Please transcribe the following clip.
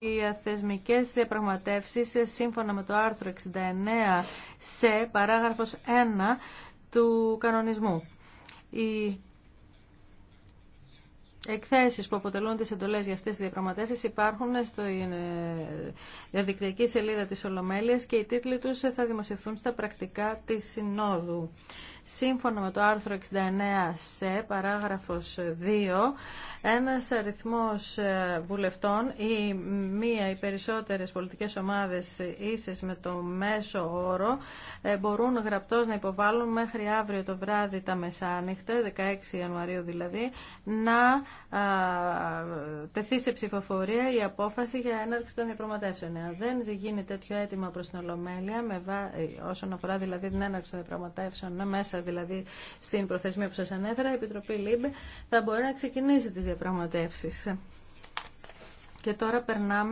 Οι αθεσμικές πραγματεύσεις σύμφωνα με το άρθρο 69 σε παράγραφος 1 του κανονισμού. Η εκθέσεις που αποτελούν τις εντολές για αυτές τις διαπραγματεύσεις υπάρχουν στο ε, διαδικτυακή σελίδα της Ολομέλειας και οι τίτλοι τους θα δημοσιευθούν στα πρακτικά της Συνόδου. Σύμφωνα με το άρθρο 69 σε παράγραφος 2, ένας αριθμός ε, βουλευτών ή μία οι περισσότερες πολιτικές ομάδες ίσες με το μέσο όρο ε, μπορούν γραπτώς να υποβάλουν μέχρι αύριο το βράδυ τα μεσάνυχτα, 16 Ιανουαρίου δηλαδή, να τεθεί σε ψηφοφορία η απόφαση για έναρξη των διαπραγματεύσεων. Αν δεν γίνει τέτοιο αίτημα προς την Ολομέλεια, με βά... Ε, όσον αφορά δηλαδή την έναρξη των διαπραγματεύσεων, ε, μέσα δηλαδή στην προθεσμία που σας ανέφερα, η Επιτροπή ΛΥΜΠΕ θα μπορεί να ξεκινήσει τις διαπραγματεύσεις. Και τώρα περνάμε